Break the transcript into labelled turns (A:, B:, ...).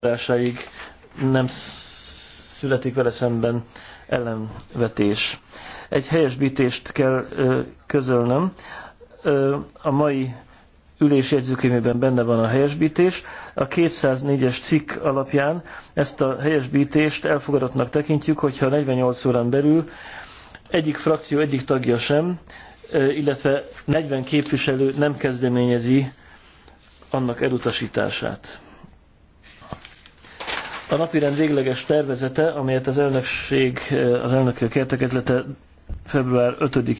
A: forrásaig nem születik vele szemben ellenvetés. Egy helyesbítést kell ö, közölnöm. Ö, a mai ülés jegyzőkönyvében benne van a helyesbítés. A 204-es cikk alapján ezt a helyesbítést elfogadottnak tekintjük, hogyha 48 órán belül egyik frakció egyik tagja sem, ö, illetve 40 képviselő nem kezdeményezi annak elutasítását. A napirend végleges tervezete, amelyet az elnökség, az elnökök
B: értekezlete február 5